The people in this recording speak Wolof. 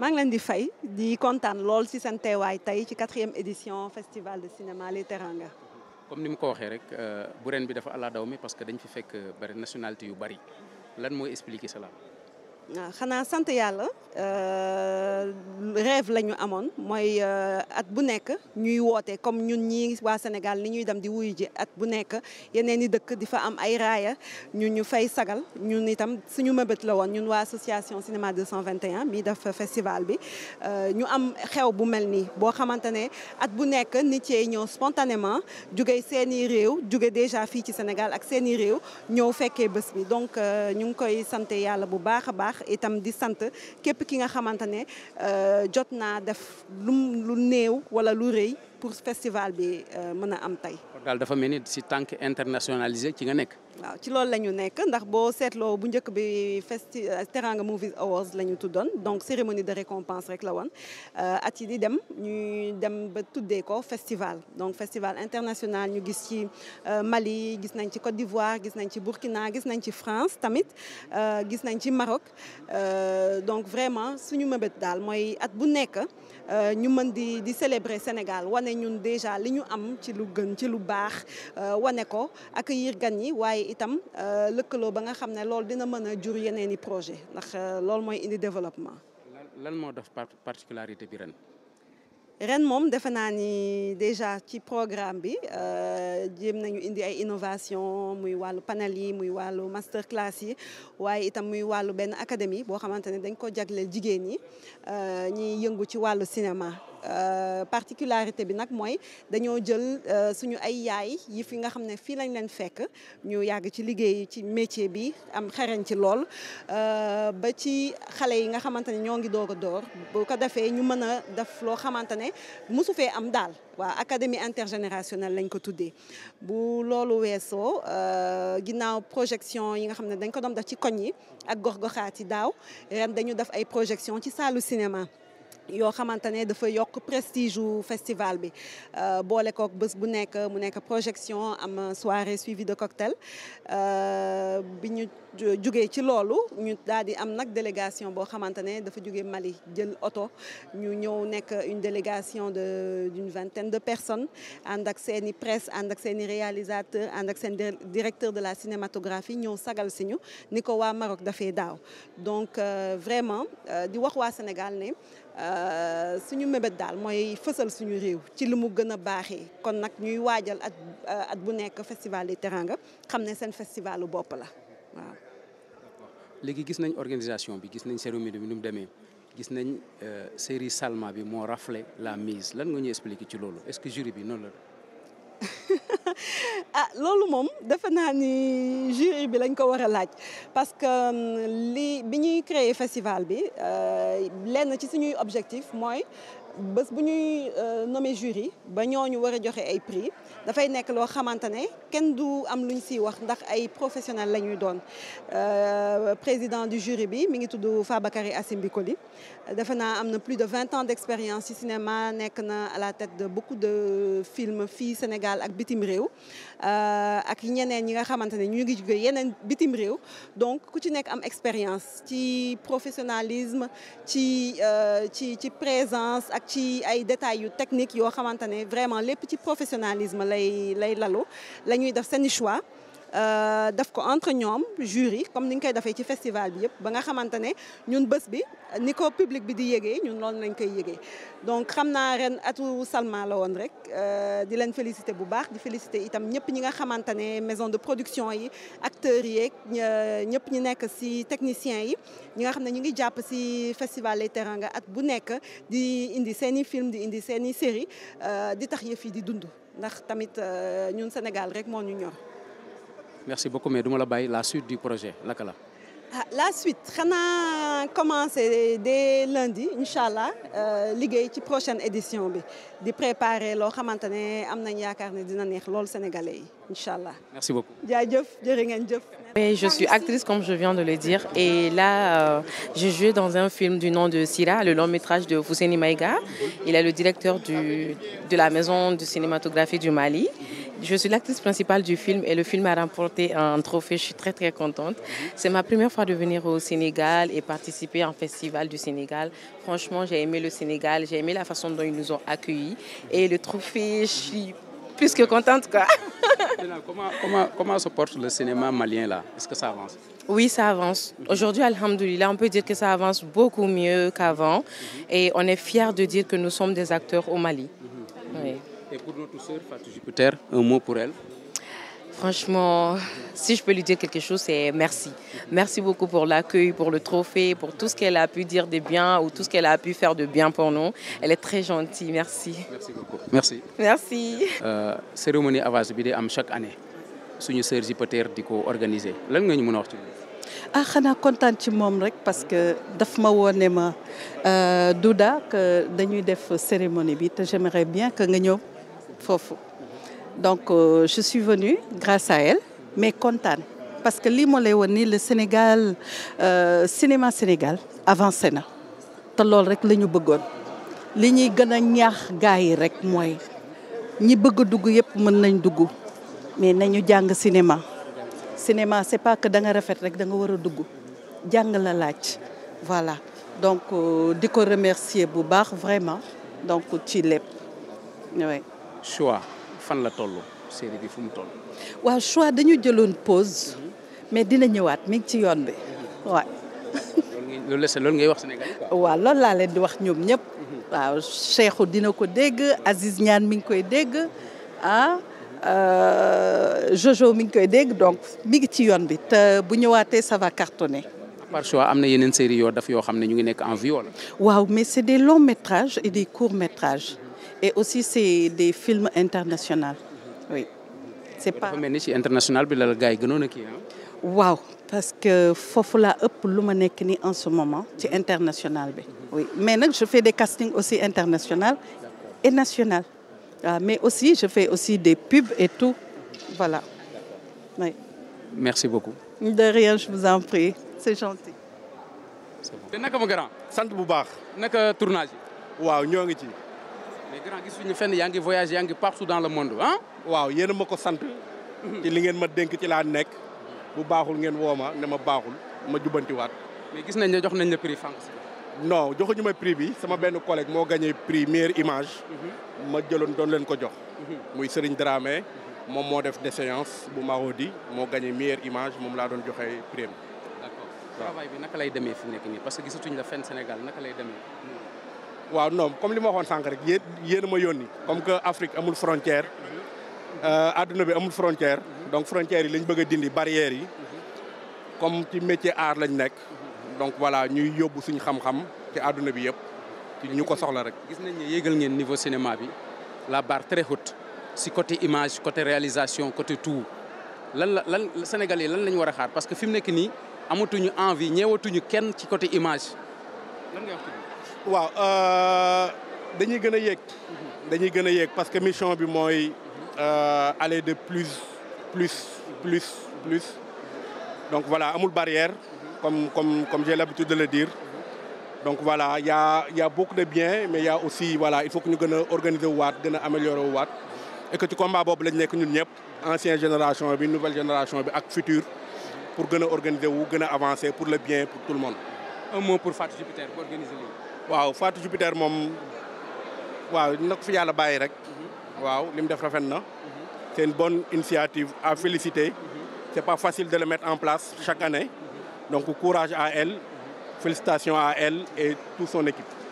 maa ngi leen di fay di kontaan lool ci seen teewaay tey ci quatrième édition festival de cinéma Les Teranga. comme ni mu ko waxee rek euh, bu ren bi dafa àllaa daw mi parce que dañ fi fekk euh, bari nationalité yu bari lan mooy expliquer cela. waaw ah, xanaa sant yàlla euh, rêve la ñu amoon mooy euh, at bu nekk ñuy woote comme ñun ñii waa Sénégal ni ñuy dem di wuy ji at bu nekk yeneen i dëkk di fa am ay raaya ñun ñu fay sagal ñun itam suñu mëbët la woon ñun waa association cinéma 221 mi def festival bi euh, ñu am xew bu mel nii boo xamante ne at bu nekk nit yee ñëw spontanément jóge seeni réew jóge déjà fii ci Sénégal ak seeni réew ñëw fekkee bés bi donc ñu ngi koy sant yàlla bu baax a baax itam di sant képp ki nga xamante ne euh, jot naa def lu lu néew wala lu rëy pour festival bi euh, mën a am tey. kon daal dafa mel ni si tànk internationalisé ci nga nekk. waaw ci loolu la ñu nekk ndax boo seetloo bu njëkk bi festi euh, Teranga Movies Awards la ñu tuddoon donc cérémonie de récompense rek la woon euh, at yi di dem ñu dem ba tuddee ko festival donc festival international ñu gis ci Mali gis nañ ci Côte d'Ivoire gis nañ ci Burkina gis nañ ci France tamit gis nañ ci Maroc donc vraiment suñu mëbët daal mooy at bu nekk ñu mën di di Sénégal ñun déjà li ñu am ci lu gën ci lu baax euh, wane ko accueillir gan yi waaye itam euh, lëkkaloo ba nga xam ne loolu dina mën a jur yeneen i projet ndax euh, loolu mooy indi développement. lan moo def particularité bi ren. ren moom defe naa ni déjà ci programme bi jéem nañu indi ay innovation muy wàllu panel yi muy wàllu master class yi waaye itam muy wàllu benn académie boo xamante ne dañ ko jagleel jigéen ñi ñuy yëngu ci wàllu cinéma Euh, particularité bi nag mooy dañoo jël euh, suñu ay yaay yi fi nga xam ne fii lañ leen fekk ñu yàgg ci liggéey ci métier bi am xarañ ci lool euh, ba ci xale yi nga xamante ne ñoo ngi doog door bu ko defee ñu mën a def loo xamante ne mosu fee am daal waaw académie intergénérationnelle lañ ko tuddee bu loolu weesoo ginnaaw projection yi nga xam ne dañ ko doon def ci koñ yi ak gox-goxaat yi daaw ren dañu def ay projection ci saalu cinéma yoo xamante ne dafa yokk prestige u festival bi euh, boole kook bés bu nekk mu nekk projection am soirée suivie de cocktail euh, bi ñu jógee ci loolu ñu daal di am nag délégation boo xamante ne dafa jugee Mali jël oto ñu ñëw nekk une délégation de d'une vingtaine de personnes ànd ak seen i presse ak seen i réalisateur ànd ak seen directeur de la cinématographie ñëw sagal si ñu ni ko waa Maroc dafee daaw donc euh, vraiment di wax waa Sénégal ne Euh, suñu mébét daal mooy fësal suñu réew ci li mu gën a baaxee kon nag ñuy waajal at euh, at bu nekk festival di Teranga xam ne seen festivalu bopp la waaw. léegi gis nañ organisation bi gis nañ cérémonie bi nu mu demee gis nañ euh, série Salma bi moo raflé la mise lan nga ñu expliqué ci loolu est-ce que jury bi noonu la. ah loolu moom defe naa ni jury bi lañ ko war a laaj parce que euh, li bi ñuy créer festival bi euh, lenn ci suñuy objectif mooy bés bu ñuy euh, nommer jury ba ñooñu war a joxe ay prix dafay nekk loo xamante ne kenn du am luñ siy wax ndax ay professionnel la ñuy doon euh, président du jury bi mi ngi tudd Fabakary Assim Bikoli defe naa am na plus de vingt ans d' expérience ci cinéma nekk na à la tête de beaucoup de films fii Sénégal ak bitim réew euh, ak ñeneen ñi nga xamante ne ñu ngi jóge yeneen bitim réew donc ku ci nekk am expérience ci professionnalisme ci euh, ci ci présence ak ci ay détails yu technique yoo xamante ne vraiment lépp ci professionnalisme lay lay lalu la ñuy def seen i choix euh, def ko entre ñoom jury comme ni ñu koy defee ci festival bi yëpp ba nga xamante ne ñun bés bi ni ko public bi di yëgee ñun loolu lañ koy yëgee donc xam naa ren atu Salma la woon rek euh, di leen féliciter bu baax di féliciter itam ñëpp ñi nga xamante ne maison de production yi acteurs yeeg ñëpp ñi nekk ci techniciens yi ñi nga xam ne ñu ngi jàpp ci festival Les Teranga at bu nekk di indi seeni film di indi seeni série euh, di tax yëf yi di dund ndax tamit euh, ñun Sénégal rek moo ñu ñor. merci beaucoup mais duma la bàyyi la suite du projet naka la. Ah, la suite xanaa commencé dès lundi incha allah euh, liggéey ci prochaine édition bi di préparer loo xamante ne am nañ yaakaar ne dina neex loolu sénégalais yi incha allah. merci jaajëf jërë ngeen jëf. mais je suis actrice comme je viens de le dire et là euh, j'ai joué dans un film du nom de Sira le long métrage de Fouseni Maïga il est le directeur du de la maison de cinématographie du Mali. Je suis l'actrice principale du film et le film a remporté un trophée. Je suis très très contente. C'est ma première fois de venir au Sénégal et participer à un festival du Sénégal. Franchement, j'ai aimé le Sénégal, j'ai aimé la façon dont ils nous ont accueillis. Et le trophée, je suis plus que contente quoi. comment, comment, comment se porte le cinéma malien là? Est-ce que ça avance? Oui, ça avance. Aujourd'hui, alhamdoulilah, on peut dire que ça avance beaucoup mieux qu'avant. Et on est fiers de dire que nous sommes des acteurs au Mali. Mhm. Oui. Et pour notre sœur Fatou Jupiter, un mot pour elle Franchement, si je peux lui dire quelque chose, c'est merci. Merci beaucoup pour l'accueil, pour le trophée, pour tout ce qu'elle a pu dire de bien ou tout ce qu'elle a pu faire de bien pour nous. Elle est très gentille, merci. Merci beaucoup. Merci. Merci. Euh, cérémonie Avaz bi day am chaque année suñu sœur Jupiter di organiser lan nga ñu mën a wax ci ah, kontaan ci moom rek parce que daf ma woon ne ma euh, Douda que dañuy def cérémonie bi te j'aimerais bien que nga ñëw. foofu donc euh, je suis venue grâce à elle mais kontaan parce que lii moo lay woon nii le Sénégal euh, cinéma Sénégal avancé na te loolu rek lañu bëggoon li ñuy gën a ñaax gars yi rek mooy ñi bëgg dugg yëpp mën nañ dugg mais nañu jàng cinéma cinéma c'est pas que danga nga rafet rek da nga war a dugg jàng la laaj voilà donc euh, di ko remercier bu baax vraiment donc ci lépp choix fan la toll série bi fu mu toll. waaw choix dañu jëloon pause mais dina ñëwaat mi ngi ci yoon bi waaw. loolu ngay wax Sénégal waaw loolu laa leen di wax ñoom ñëpp. Mhm. waaw Cheikhou dina ko dégg Aziz ñaan mi ngi koy dégg ah euh, Jojo mi ngi koy dégg donc mi ngi ci yoon bi te bu ñëwaatee ça va par choix am na yeneen série yoo daf yoo xam ne ñu ngi nekk en vie waaw mais c'est des longs métrages et des courts et aussi c'est des films internationaux oui. c'est international bi la gars yi gënoon a waaw parce que foofu laa ëpp lu ma nekk nii en ce moment ci international bi. mais nag je fais des castings aussi international et national. Ah, mais aussi je fais aussi des pubs et tout voilà. oui. merci beaucoup. de rien je vous en prie c'est gentil. c'est bon. te naka ma grand. sant bu baax. naka tournage. waaw ñoo ngi ci. mais grand gis ñu fenn yaa ngi voyage yaa ngi partout dans waaw yéen ma ko sant. ci li ngeen ma dénk ci laa nekk. bu baaxul ngeen woo ma ne ma baaxul ma jubbantiwaat. gis nañ ne jox nañ la prix Frank non joxuñu ma prix bi sama benn collègue moo gagné prix meilleure image. Mhm. ma jëloon doon leen ko jox. Mhm. muy Serigne Dramé. moom moo def déchéance bu Marodi moo gagné meilleure image moom laa doon joxe prix am. d'accord travail bi naka lay demee fi nekk nii parce que gisatuñ la fenn Sénégal naka lay demee. waaw non comme li ma waxoon sànq rek yéen yéen a ma yónni comme que Afrique amul frontière euh, adduna bi amul frontière donc frontière yi lañ bëgg a dindi barrières yi comme ci métier art lañ nekk donc voilà ñuy yóbbu suñu xam-xam ci adduna bi yëpp ci ñu ko soxla rek. gis nañ ne yéegal ngeen niveau cinéma bi la barre très si côté image côté réalisation côté tout lan la lan Sénégal yi lan la ñu war a xaar parce que fi mu nekk nii amatuñu envie ñeewatuñu kenn ci côté image waaw euh, dañuy gën a yéeg dañuy gën a yéeg parce que mission bi mooy euh, aller de plus plus plus plus donc voilà amul barrière comme comme comme j'ai l'habitude de le dire donc voilà ya a y a beaucoup de bien mais y a aussi il faut que ñu gën a organiser wu waat gën a wu waat et que ci combat boobu lañ nekk ñun ñëpp ancienne génération bi nouvelle génération bi ak futur pour gën a organiser wu gën a avancer pour le bien pour tout le monde. un mot pour Fatou Jupiter pour organiser lii. waaw Fatou Jupiter moom waaw na ko fi bàyyi rek. Mhm. waaw li mu def rafet na. Mhm. c'est une initiative à féliciter. Mhm. c'est pas facile de le mettre en place chaque année. donc courage à elle. félicitations à et toute son équipe.